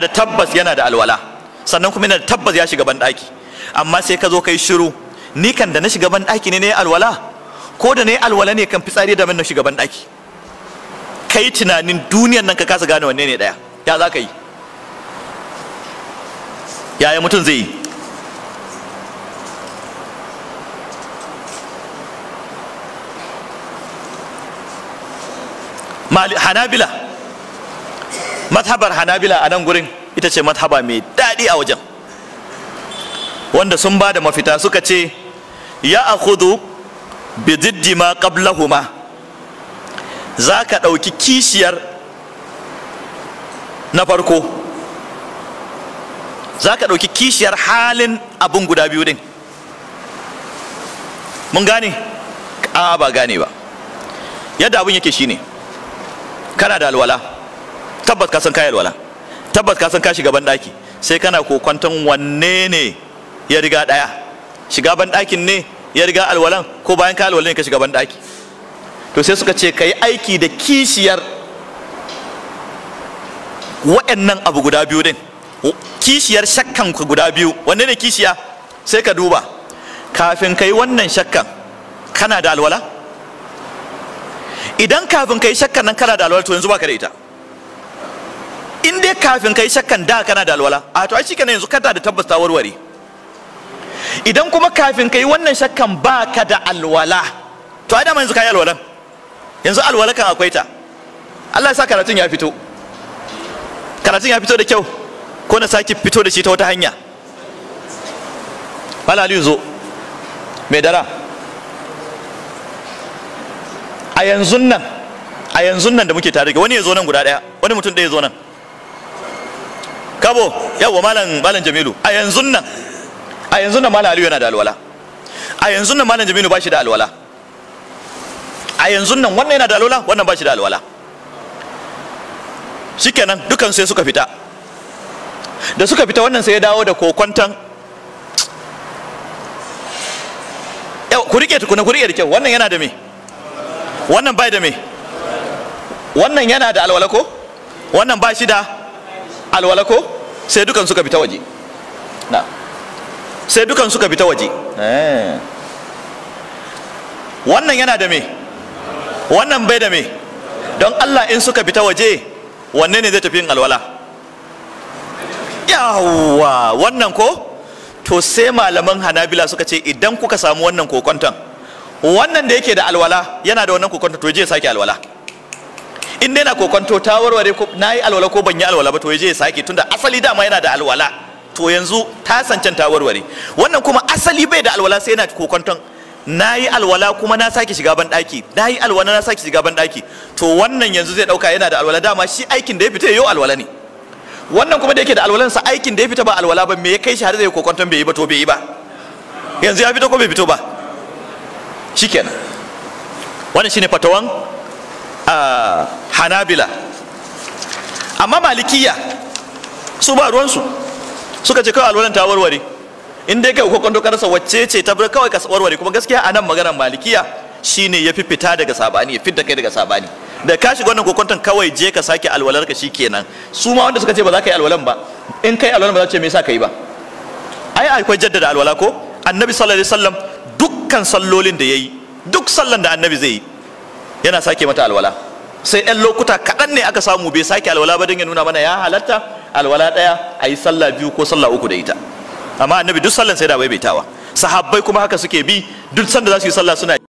da tabbas yana da alwala sannan kuma yana da tabbas ya shiga banɗaki amma sai ka zo ka yi shiru ni kan da na shiga banɗaki ne na yi alwala ko da na yi alwala ne kan fitsari da na shiga bandaki. ka yi tunanin duniyan nan ka kasa gane wanne ne ɗaya ya za ka yi yaya mutum zai yi hanabila Mathabar hanabila a nan gurin ita ce mathaba mai daɗi a wajen wanda sun ba da mafita suka ce ya a bi diddi ma za ka ɗauki kishiyar na farko za ka ɗauki kishiyar halin abin guda biyu din mun gane a ba gane ba yadda abin yake shine kana da alwala tabbas ka san kayi alwala tabbas ka san ka shiga ban sai kana kokwanton wanne ne ya riga daya shiga ban ne ya riga alwalan ko bayan ka alwalan ka shiga ban to sai suka ce kai aiki da kishiyar wa'annan abu guda biyu din kishiyar shakkan ku guda biyu wanne ne kishiya sai ka duba kafin kai wannan shakkan kana da alwala idan kafin kai shakkan nan kana da alwala to yanzu baka da ita dai kafin kai shakkan da kana da alwala a to ai shikenan yanzu ka da tabbas ta warware idan kuma kafin kai wannan shakkan ba ka da alwala to ai dama yanzu kai alwalan yanzu alwala kan akwai ta Allah ya sa karatun ya fito karatun ya fito da kyau ko na saki fito da shi ta wata hanya Bala Aliyu zo mai dara a yanzu nan a yanzu nan da muke tare wani ya zo nan guda daya wani mutum ɗaya ya zo nan kabo yawa malam malam jamilu a yanzu nan a yanzu nan malam aliyu yana da alwala a yanzu nan malam jamilu bashi da alwala a yanzu nan wannan yana da alwala wannan bashi da alwala shikenan dukan sai suka fita da suka fita wannan sai ya dawo da kokwantan ku rike tukuna ku rike da kyau wannan yana da me wannan bai da me wannan yana da alwala ko wannan bashi da alwala ko sai dukan suka fita waje na sai dukan suka fita waje eh. wannan yana da me wannan bai da me don Allah in suka fita waje wanne ne zai tafi yin alwala yawwa wannan ko to sai malaman hanabila suka ce idan kuka samu wannan kokonton wannan da yake da alwala yana da wannan kokonton to je sake alwala in dai na to ta warware ko na yi alwala ko ban yi alwala ba to yaje ya sake tunda asali dama yana da alwala to yanzu ta sancan ta warware wannan kuma asali bai da alwala sai yana kokonton na yi alwala kuma na sake shiga ban daki na yi alwala na sake shiga ban daki to wannan yanzu zai ɗauka yana da alwala dama shi aikin da ya fita yau alwala ne wannan kuma da yake da alwalan sa aikin da ya fita ba alwala ba me ya kai shi har zai kokonton bai yi ba to bai yi ba yanzu ya fito ko bai fito ba shikenan wannan shine fatawan a hanabila amma malikiya su ba ruwansu suka ce kawai alwalan ta warware in dai kai kokon dokar sa wacce ce ta bar kawai ka warware kuma gaskiya anan maganar malikiya shine ya fita daga sabani ya fita kai daga sabani da ka shiga wannan kokonton kawai je ka sake alwalar ka shikenan su ma wanda suka ce ba za ka yi alwalan ba in kai alwalan ba za ce me yasa kai ba ai akwai jaddada alwala ko annabi sallallahu alaihi wasallam dukkan sallolin da yayi duk sallan da annabi zai yi yana sake mata alwala sai ɗan lokuta kaɗan ne aka samu bai sake alwala ba don ya nuna mana ya halatta alwala ɗaya a yi sallah biyu ko sallah uku da ita amma annabi duk sallan sai da bai tawa sahabbai kuma haka suke bi duk sanda za su yi sallah suna